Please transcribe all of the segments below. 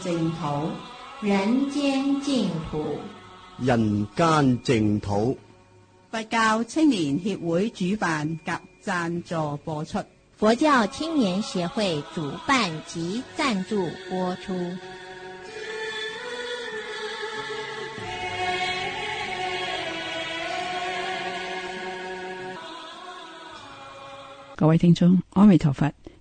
淨土，人間淨土。人間淨土。佛教青年協會主辦及贊助播出。佛教青年協會主辦及贊助播出。各位聽眾，阿彌陀佛。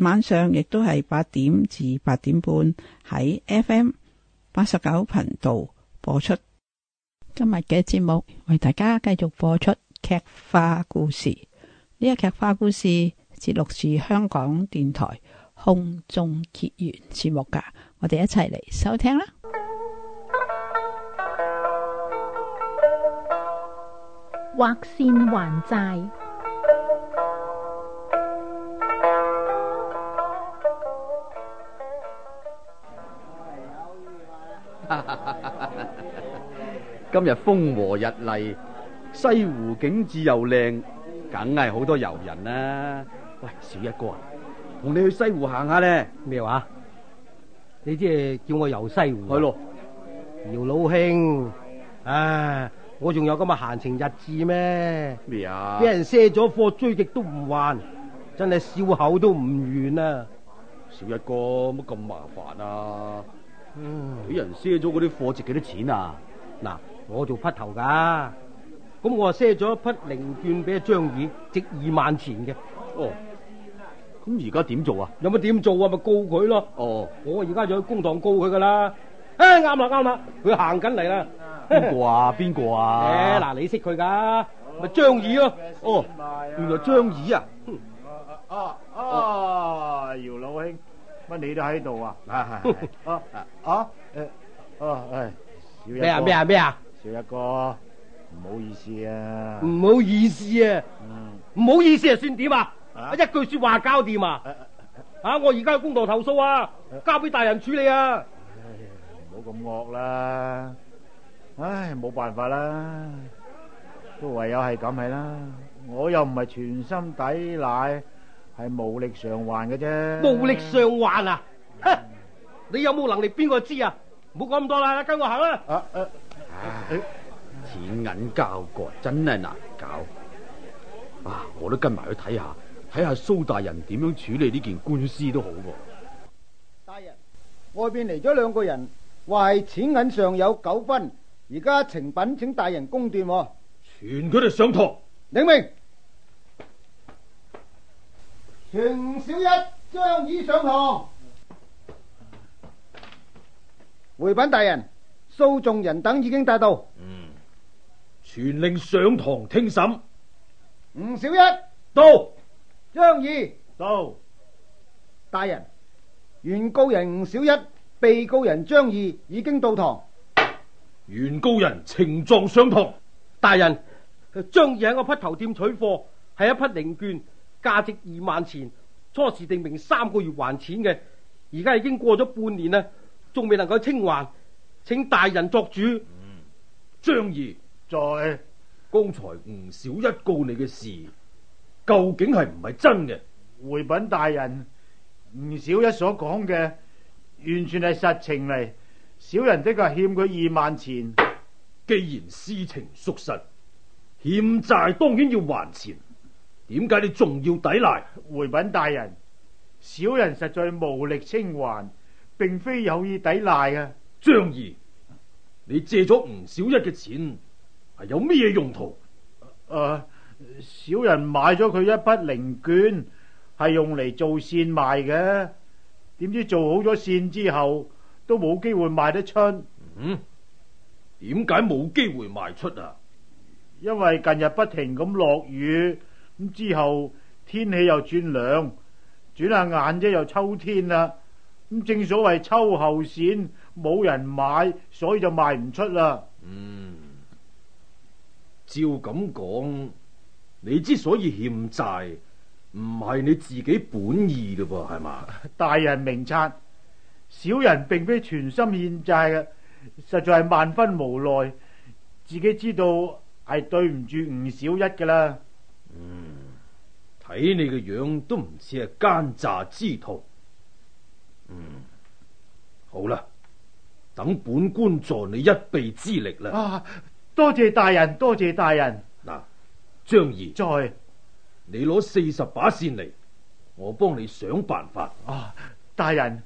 晚上亦都係八點至八點半喺 FM 八十九頻道播出今日嘅節目，為大家繼續播出劇化故事。呢個劇化故事節錄自香港電台空中結緣節目噶我哋一齊嚟收聽啦。畫線還債。今日風和日麗，西湖景致又靚，梗係好多遊人啦。喂，小一哥，同你去西湖行下咧？咩話？你即係叫我遊西湖？係咯，姚老兄。唉，我仲有咁嘅閒情逸致咩？咩啊？俾人賒咗貨追極都唔還，真係笑口都唔完啊！小一哥，乜咁麻煩啊？嗯，俾人賒咗嗰啲貨值幾多錢啊？嗱。我做匹頭噶，咁我啊賒咗一匹零券俾張耳，值二萬錢嘅。哦，咁而家點做啊？有乜點做啊？咪告佢咯。哦，我而家就去公堂告佢噶啦。唉，啱啦啱啦，佢行緊嚟啦。邊個啊？邊個啊？誒，嗱，你識佢噶？咪張耳咯。哦，原來張耳啊。啊啊啊！姚老兄，乜你都喺度啊？啊啊啊啊！咩啊咩啊咩啊！少一個，唔好意思啊！唔好意思啊！嗯、唔好意思啊，算點啊？啊一句說話交掂啊，啊？啊！啊啊我而家去公道投訴啊！啊交俾大人處理啊！唔好咁惡啦！唉，冇辦法啦，都唯有係咁係啦。我又唔係全心抵賴，係無力償還嘅啫。無力償還啊、嗯、啊！你有冇能力？邊個知啊？唔好講咁多啦，跟我行啦、啊。啊啊、錢銀交割真係難搞，啊！我都跟埋去睇下，睇下蘇大人點樣處理呢件官司都好喎。大人，外邊嚟咗兩個人，話係錢銀上有糾紛，而家呈稟，請大人公斷。傳佢哋上堂，領命。全小一、張椅上堂，回稟大人。蘇眾人等已經帶到，嗯，全令上堂聽審。吳小一到，張二義到，大人，原告人吳小一，被告人張二已經到堂。原告人情狀上堂，大人，張二喺我批頭店取貨，係一匹零券，價值二萬錢，初次定明三個月還錢嘅，而家已經過咗半年啦，仲未能夠清還。請大人作主。張儀，在剛才吳小一告你嘅事，究竟係唔係真嘅？回稟大人，吳小一所講嘅完全係實情嚟。小人的確欠佢二萬錢。既然事情屬實，欠債當然要還錢。點解你仲要抵賴？回稟大人，小人實在無力清還，並非有意抵賴啊。張儀。你借咗吳小一嘅錢係有咩用途？誒、啊,小人買咗佢一筆零券，係用嚟做線賣嘅。點知做好咗線之後，都冇機會賣得出。嗯，點解冇機會賣出啊？因為近日不停咁落雨，咁之後天氣又轉涼，轉下眼啫又秋天啦。咁正所謂秋後線。冇人買，所以就賣唔出啦。嗯，照咁講，你之所以欠債，唔係你自己本意嘅噃，係嘛？大人明察，小人並非全心欠債嘅，實在係萬分無奈，自己知道係對唔住吳小一噶啦。嗯，睇你個樣都唔似係奸詐之徒。嗯，好啦。等本官助你一臂之力啦！啊，多謝大人，多謝大人。嗱、啊，張儀在，再你攞四十把線嚟，我幫你想辦法。啊，大人，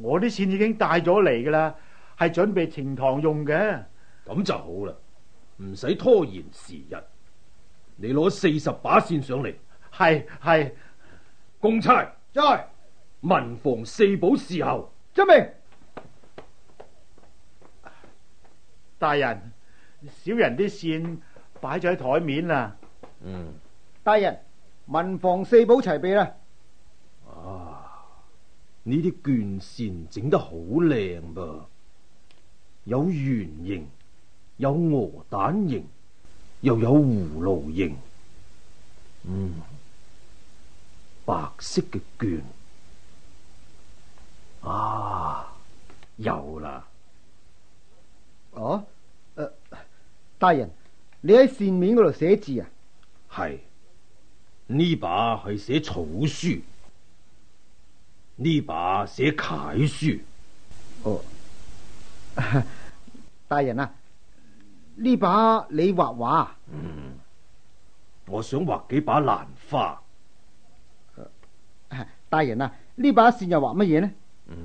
我啲線已經帶咗嚟噶啦，係準備呈堂用嘅。咁就好啦，唔使拖延時日。你攞四十把線上嚟。係係，公差在，察再文房四寶伺候，遵命。大人，小人啲線擺咗喺台面啦。嗯，大人，文房四寶齊備啦。啊，呢啲絹線整得好靚噃，有圓形，有鵝蛋形，又有葫蘆形。嗯，白色嘅絹啊，有啦。哦、啊。大人，你喺扇面嗰度寫字啊？係，呢把係寫草書，呢把寫楷書。哦，oh. 大人啊，呢把你畫畫？嗯，我想畫幾把蘭花。 大人啊，呢把扇又畫乜嘢呢？嗯，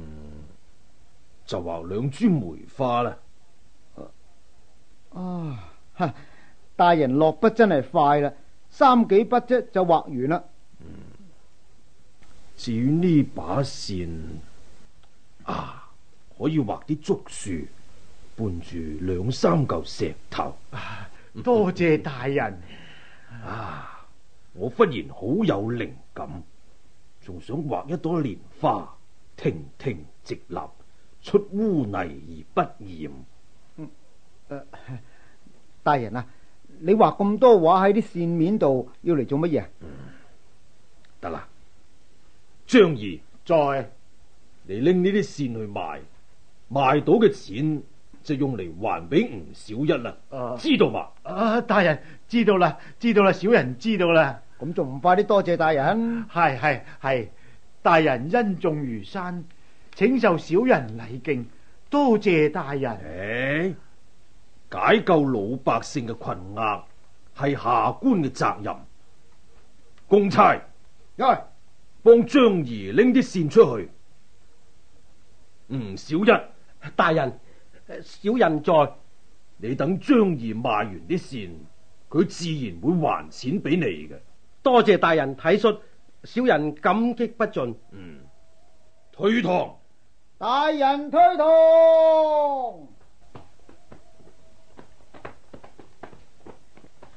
就畫兩株梅花啦。啊。 啊、大人落筆真係快啦，三幾筆啫就畫完啦。至於呢把扇啊，可以畫啲竹樹，伴住兩三嚿石頭。啊。多謝大人。啊！我忽然好有靈感，仲想畫一朵蓮花，亭亭直立，出污泥而不染。啊大人啊，你畫咁多畫喺啲扇面度，要嚟做乜嘢啊？得啦，嗯，張儀，再嚟拎呢啲扇去賣，賣到嘅錢就用嚟還俾吳小一啦，啊，知道嘛？啊，大人知道啦，知道啦，小人知道啦。咁仲唔快啲多謝、謝大人？係係係，大人恩重如山，請受小人禮敬，多謝大人。解救老百姓嘅困厄係下官嘅責任。公差，喂，幫張儀拎啲線出去。吳、嗯、小一，大人，小人在。你等張儀賣完啲線，佢自然會還錢俾你嘅。多謝大人體恤，小人感激不盡。嗯，退堂。大人退堂。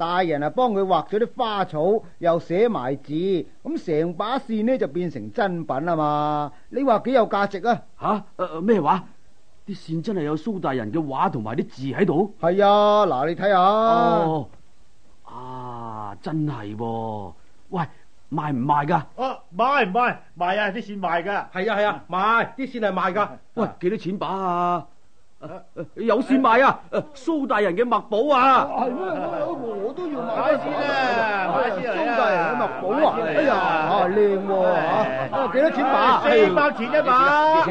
大人啊，幫佢畫咗啲花草，又寫埋字，咁成把扇呢就變成真品啦嘛！你話幾有價值啊？吓、啊，咩、呃、話？啲扇真係有蘇大人嘅畫同埋啲字喺度。係啊，嗱，你睇下，啊，真係、啊。喂，賣唔賣噶？哦、啊，賣，賣，賣啊！啲扇賣噶，係啊，係啊，賣，啲扇係賣噶。啊啊、喂，幾多錢把啊？有錢買啊！蘇大人嘅墨寶啊！係咩？我都要買一支啦，蘇大人嘅墨寶啊！哎呀，啊靚喎吓，幾多錢把？四百錢一把。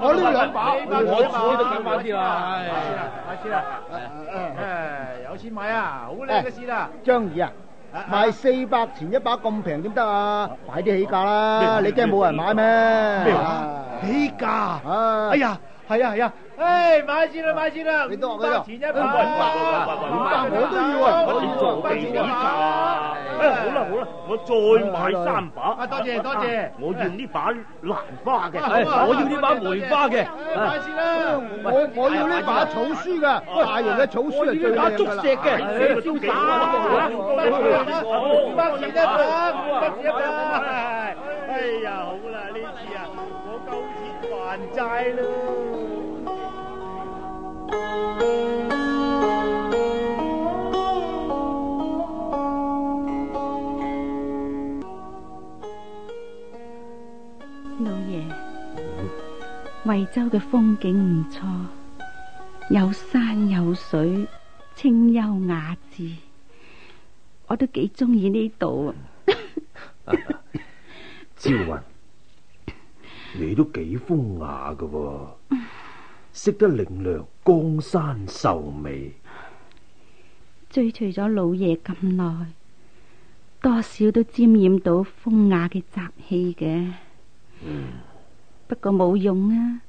我呢兩把，我呢都兩把字啦。買字啦，買字啦！誒，有錢買啊，好靚嘅字啦。張儀啊，賣四百錢一把咁平點得啊？買啲起價啦，你驚冇人買咩？起價。哎呀，係啊係啊。誒，買先啦，買先啦，五百錢，一把，我都要啊，我做地毯啊，好啦好啦，我再買三把，多謝多謝，我要呢把蘭花嘅，我要呢把梅花嘅。買先啦，我我要呢把草書嘅，大型嘅草書最打竹石嘅，燒打，好，一支一支，哎呀，好啦呢次啊，我夠錢還債啦。老爺，惠、嗯、州嘅風景唔錯，有山有水，清幽雅致，我都幾中意呢度。招雲，你都幾風雅噶噃。識得領略江山秀美，追隨咗老爺咁耐，多少都沾染到風雅嘅雜氣嘅。嗯，不過冇用啊，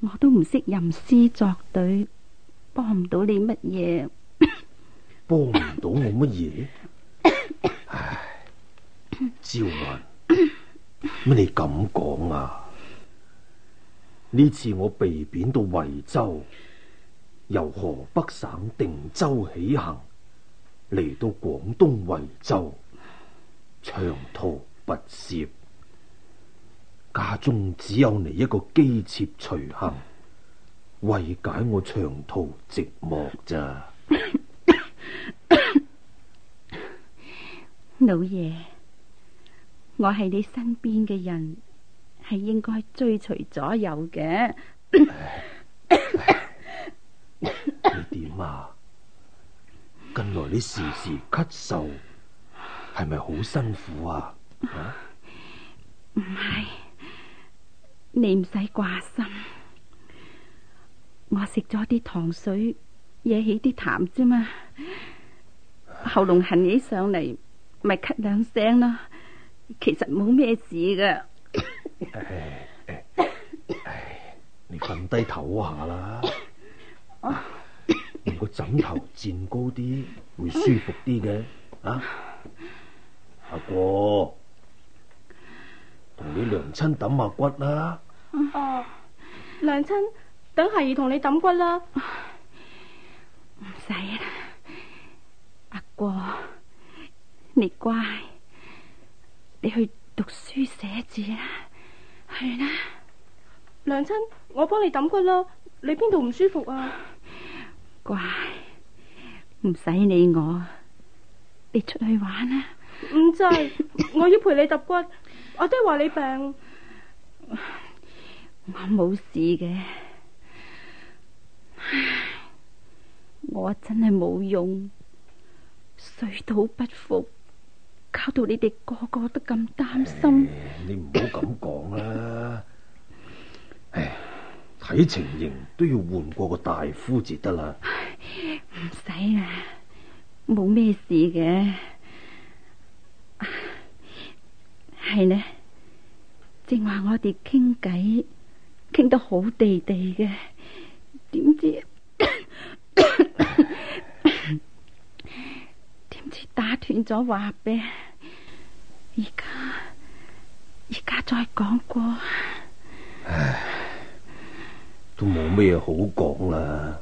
我都唔識吟詩作對，幫唔到你乜嘢。幫唔到我乜嘢？ 唉，招安，乜 你咁講啊？呢次我被貶到惠州，由河北省定州起行，嚟到廣東惠州，長途跋涉，家中只有你一個姬妾隨行，為解我長途寂寞咋？老爺，我係你身邊嘅人。係應該追隨左右嘅。你點啊？近來你時時咳嗽，係咪好辛苦啊？唔、啊、係，你唔使掛心。我食咗啲糖水，惹起啲痰啫嘛。喉嚨痕起上嚟，咪咳兩聲咯。其實冇咩事噶。唉，唉，唉，你瞓低頭下啦，連個、啊、枕頭墊高啲會舒服啲嘅啊！阿哥，同你娘親抌下骨啦。哦，娘親等孩兒同你揼骨啦，唔使啦。阿哥，你乖，你去讀書寫字啦。係啦，娘親，我幫你揼骨咯，你邊度唔舒服啊？乖，唔使理我，你出去玩啦。唔制，我要陪你揼骨，我都爹話你病，我冇事嘅，唉，我真係冇用，水土不服。搞到你哋個個都咁擔心。你唔好咁講啦。哎，睇情形都要換過個大夫至得啦。唔使啦，冇咩事嘅。係呢，正話我哋傾偈，傾得好地地嘅。變咗話畀，而家而家再講過，唉，都冇咩好講啦。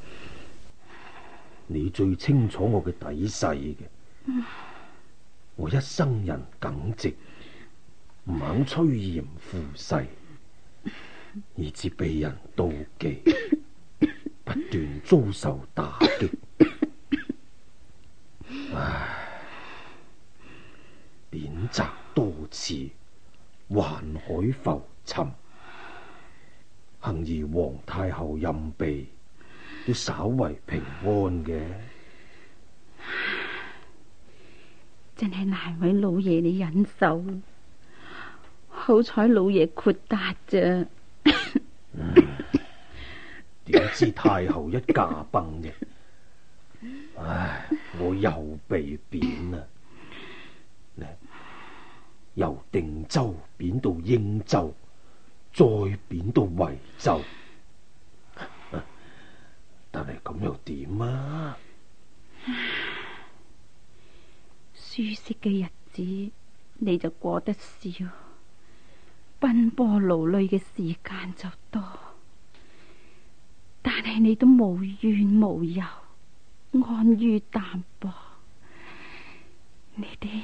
你最清楚我嘅底細嘅，我一生人耿直，唔肯趨炎附勢，以致被人妒忌，不斷遭受打擊。唉譴責多次，宦海浮沉，幸而皇太后任避，都稍為平安嘅。真係難為老爺你忍受，好彩老爺豁達啫。點、 嗯、知太后一駕崩嘅，唉，我又被貶啦。由定州貶到英州，再貶到惠州， 但係咁又點啊？舒適嘅日子你就過得少，奔波勞累嘅時間就多。但係你都無怨無尤，安於淡泊。呢啲。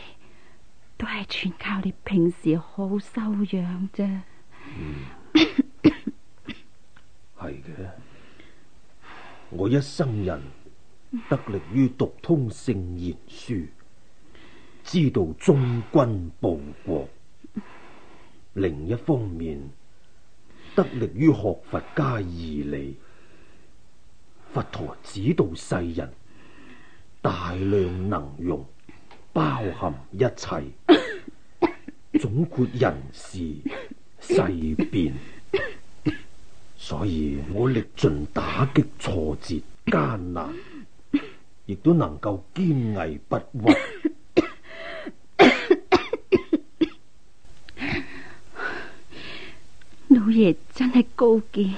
全靠你平時好修養啫。嗯，係嘅。 我一生人得力於讀通聖賢書，知道忠君報國。另一方面，得力於學佛家義理，佛陀指導世人，大量能容，包含一切。 總括人事世變， 所以我歷盡打擊挫折艱難，亦都能夠堅毅不屈。老爺真係高見，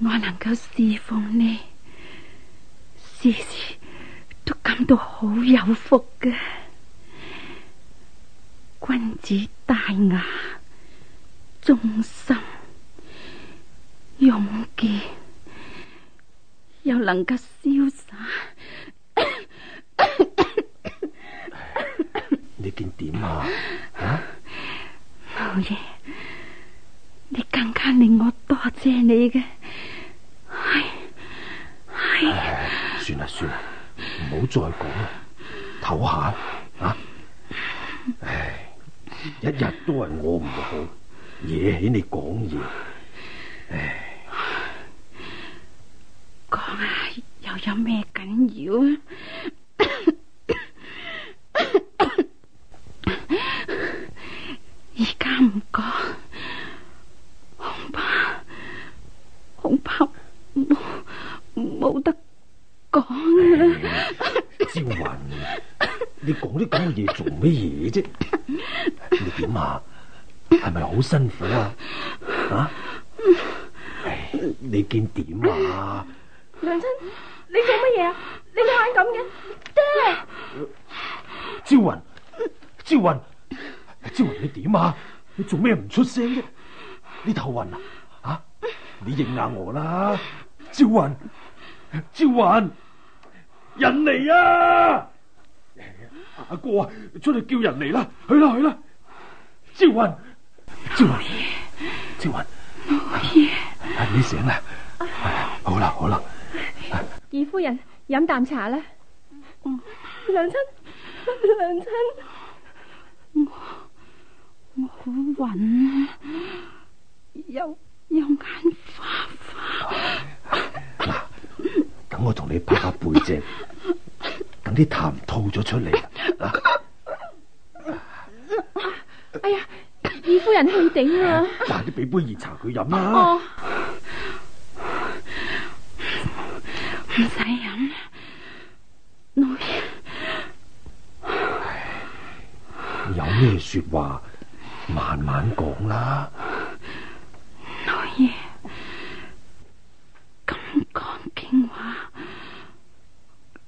我能夠侍奉你，事時都感到好有福嘅。君子大牙，忠心勇健，又能夠瀟灑。 你見點啊？啊，冇嘢，你更加令我多謝你嘅、哎，算啦算啦，唔好再講啦，唞下啊。哎一日都係我唔好惹起你講嘢，唉，講啊，又有咩緊要啊？而家唔講，恐怕恐怕冇得講啊！招云、嗯，你講啲咁嘅嘢做咩嘢啫？你點啊？係咪好辛苦啊？吓！你見點啊？娘親，你做乜嘢啊？你對眼咁嘅，爹！招雲，招雲，招雲，你點啊？你做咩唔出聲啫？你頭暈啊？吓！你認下我啦！招雲，招雲，人嚟啊！阿哥啊，出去叫人嚟啦！去啦去啦！朝雲，朝老爺，朝雲，你醒啦、啊，好啦好啦，二、啊、夫人飲啖茶啦。嗯，娘親，娘親，我我好暈，又又眼花花。嗱、啊，等、啊、我同你拍下背脊，等啲痰吐咗出嚟。啊啊哎呀，二夫人氣頂啊！快啲俾杯熱茶佢飲啦！唔使飲啦，老爺。哦。有咩說話，慢慢講啦。老爺，金剛經話，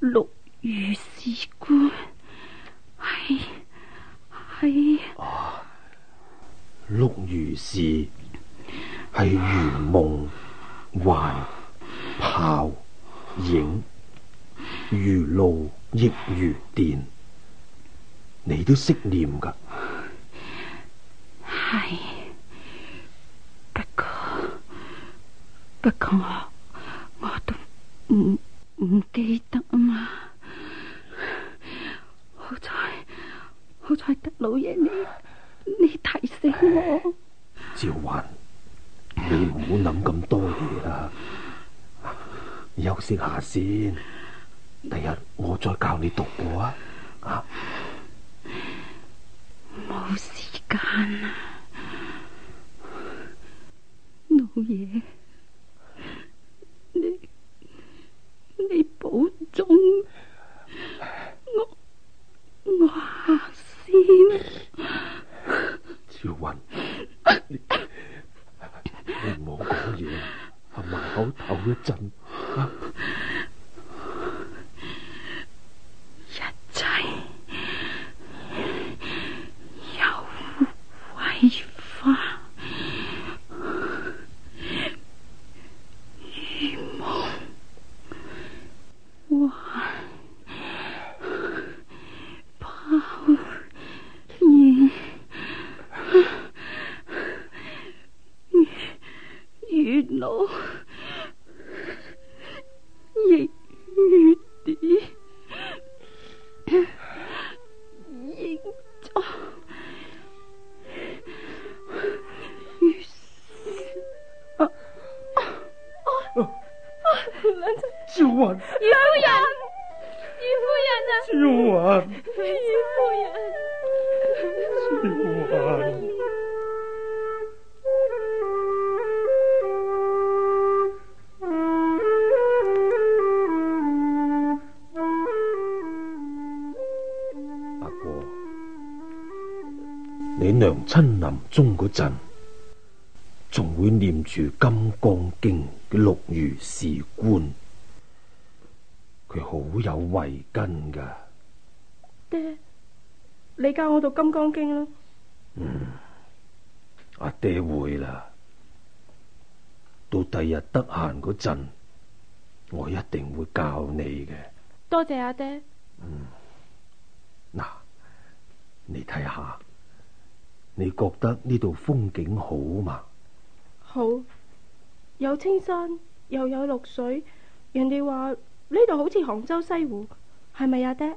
六如是觀，係係。碌如是，係如夢幻泡影，如露亦如電，你都識念噶？係，不過不過我我都唔唔記得啊嘛，好彩好彩得老爺你。你提醒我，趙雲，你唔好諗咁多嘢啦，休息下先，第日我再教你讀過啊！啊，冇時間啊，老爺，你你保重，我我下先。要暈，你唔好講嘢啊，埋口唞一陣，啊。娘親臨終嗰陣，仲會念住《金剛經》嘅六如是觀，佢好有慧根㗎。爹，你教我讀金剛《金剛經》啦。嗯，阿爹會啦。到第日得閒嗰陣，我一定會教你嘅。多謝阿爹。嗯，嗱，你睇下。你覺得呢度風景好嘛？好，有青山又有綠水，人哋話呢度好似杭州西湖，係咪呀，爹？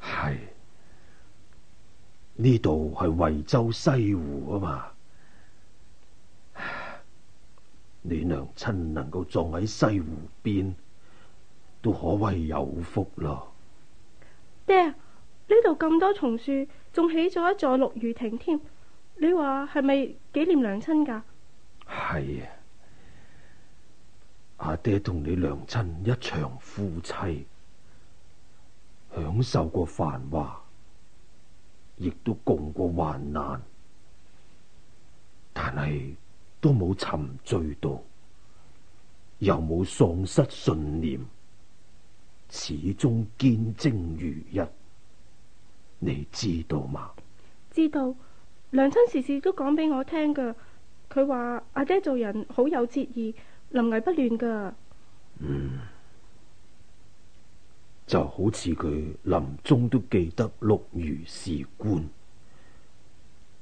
係，呢度係惠州西湖啊嘛。你娘親能夠葬喺西湖邊，都可謂有福咯。爹，呢度咁多松樹，仲起咗一座六如亭添。你話係咪紀念娘親㗎？係啊，阿爹同你娘親一場夫妻，享受過繁華，亦都共過患難，但係都冇沉醉到，又冇喪失信念，始終堅貞如一。你知道嗎？知道。娘親時時都講俾我聽噶，佢話阿爹做人好有節義，臨危不亂噶。嗯,就好似佢臨終都記得六如是觀,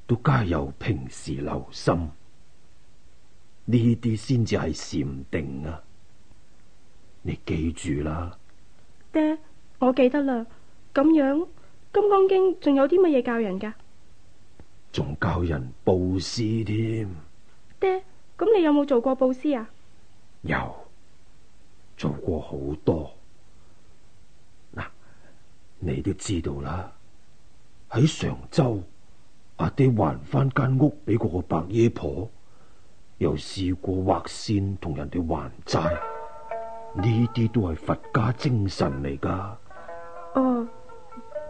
都皆由平時留心,呢啲先至係禪定啊!你記住啦。爹,我記得啦。咁樣《金剛經》仲有啲乜嘢教人噶?仲教人布施添，爹，咁你有冇做過布施啊？有，做過好多。嗱，你都知道啦。喺常州，阿爹還翻間屋俾嗰個白爺婆，又試過畫線同人哋還債，呢啲都係佛家精神嚟噶。哦，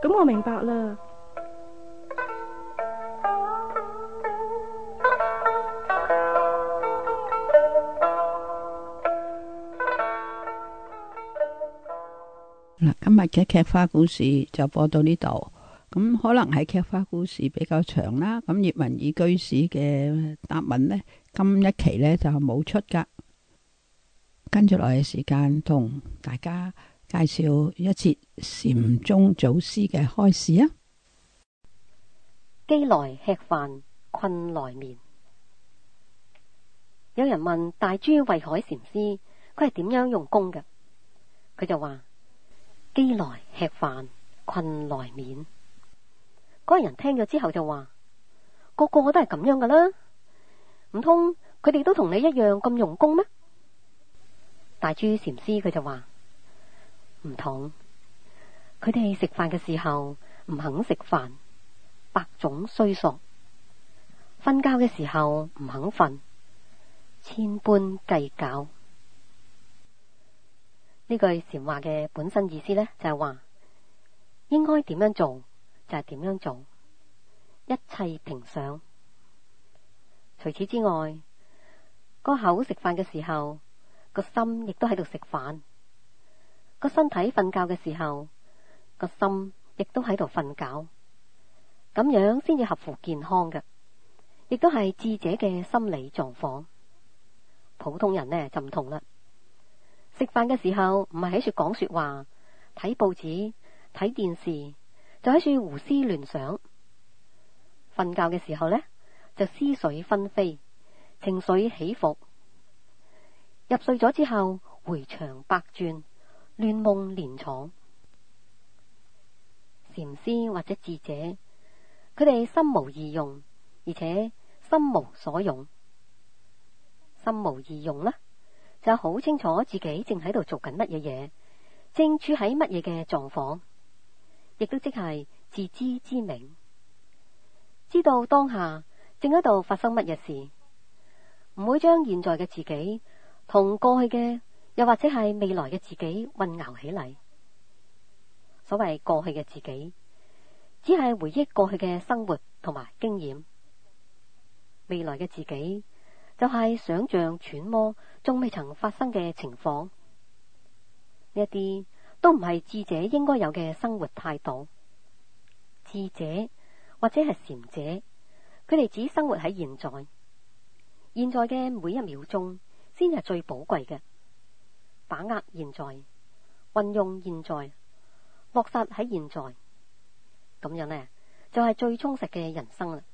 咁我明白啦。今日嘅《菊花故事》就播到呢度，咁可能係《菊花故事》比較長啦。咁葉文意居士嘅答問呢，今一期呢就冇出噶。跟住落嚟嘅時間，同大家介紹一次「禪宗祖師嘅開示啊！飢來吃飯，困來眠。有人問大珠慧海禪師，佢係點樣用功嘅？佢就話。饑來吃飯，困來眠。嗰個人聽咗之後就話：個個都係咁樣噶啦，唔通佢哋都同你一樣咁用功咩？大珠禪師佢就話：唔同，佢哋食飯嘅時候唔肯食飯，百種須索；瞓覺嘅時候唔肯瞓，千般計較。呢句禪話嘅本身意思呢，就係話應該點樣做就係點樣做，一切平常。除此之外，個口食飯嘅時候，個心亦都喺度食飯；個身體瞓覺嘅時候，個心亦都喺度瞓覺。咁樣先至合乎健康嘅，亦都係智者嘅心理狀況。普通人呢，就唔同啦。食飯嘅時候唔係喺處講說話，睇報紙、睇電視，就喺處胡思亂想。瞓覺嘅時候呢，就思緒紛飛，情緒起伏。入睡咗之後，回腸百轉，亂夢連床。禪師或者智者，佢哋心無二用，而且心無所用，心無二用啦。就好清楚自己正喺度做緊乜嘢嘢，正處喺乜嘢嘅狀況，亦都即係自知之明，知道當下正喺度發生乜嘢事，唔會將現在嘅自己同過去嘅，又或者係未來嘅自己混淆起嚟。所謂過去嘅自己，只係回憶過去嘅生活同埋經驗；未來嘅自己。就係想象揣摩，仲未曾發生嘅情況，呢一啲都唔係智者應該有嘅生活態度。智者或者係禪者，佢哋只生活喺現在，現在嘅每一秒鐘先係最寶貴嘅，把握現在，運用現在，落實喺現在，咁樣呢，就係最充實嘅人生啦。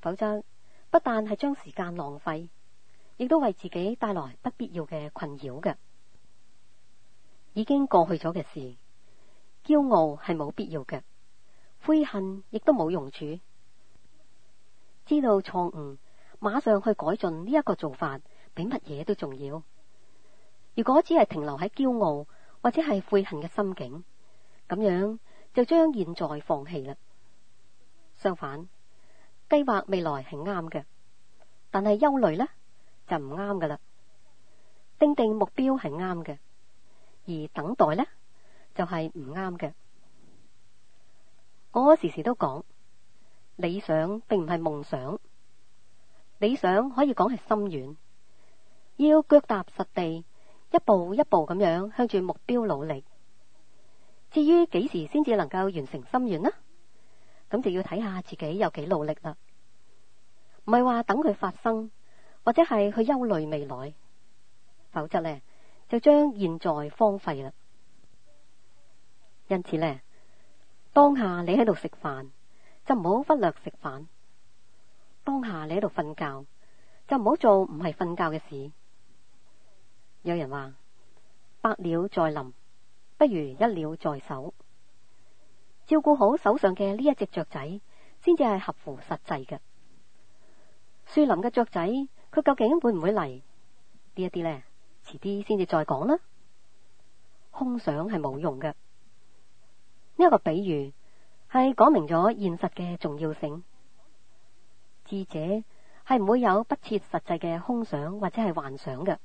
否則。不但係將時間浪費，亦都為自己帶來不必要嘅困擾嘅。已經過去咗嘅事，驕傲係冇必要嘅，悔恨亦都冇用處。知道錯誤，馬上去改進呢一個做法，比乜嘢都重要。如果只係停留喺驕傲或者係悔恨嘅心境，咁樣就將現在放棄啦。相反。計劃未來係啱嘅，但係憂慮呢就唔啱噶啦。訂定目標係啱嘅，而等待呢就係唔啱嘅。我時時都講，理想並唔係夢想，理想可以講係心願，要腳踏實地，一步一步咁樣向住目標努力。至於幾時先至能夠完成心願呢？咁就要睇下自己有幾努力啦，唔係話等佢發生，或者係去憂慮未來，否則呢，就將現在荒廢啦。因此呢，當下你喺度食飯，就唔好忽略食飯；當下你喺度瞓覺，就唔好做唔係瞓覺嘅事。有人話：百鳥在林，不如一鳥在手。照顧好手上嘅呢一隻雀仔，先至係合乎實際嘅。樹林嘅雀仔，佢究竟會唔會嚟？呢一啲呢，遲啲先至再講啦。空想係冇用嘅。呢一個比喻係講明咗現實嘅重要性。智者係唔會有不切實際嘅空想或者係幻想嘅，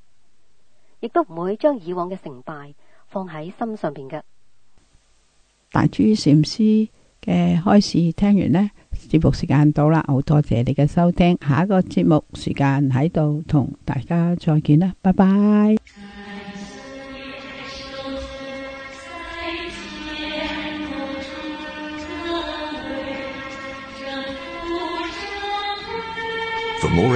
亦都唔會將以往嘅成敗放喺心上邊嘅。大珠禪師嘅開示聽完呢，節目時間到啦，好多謝你嘅收聽，下一個節目時間喺度同大家再見啦，拜拜。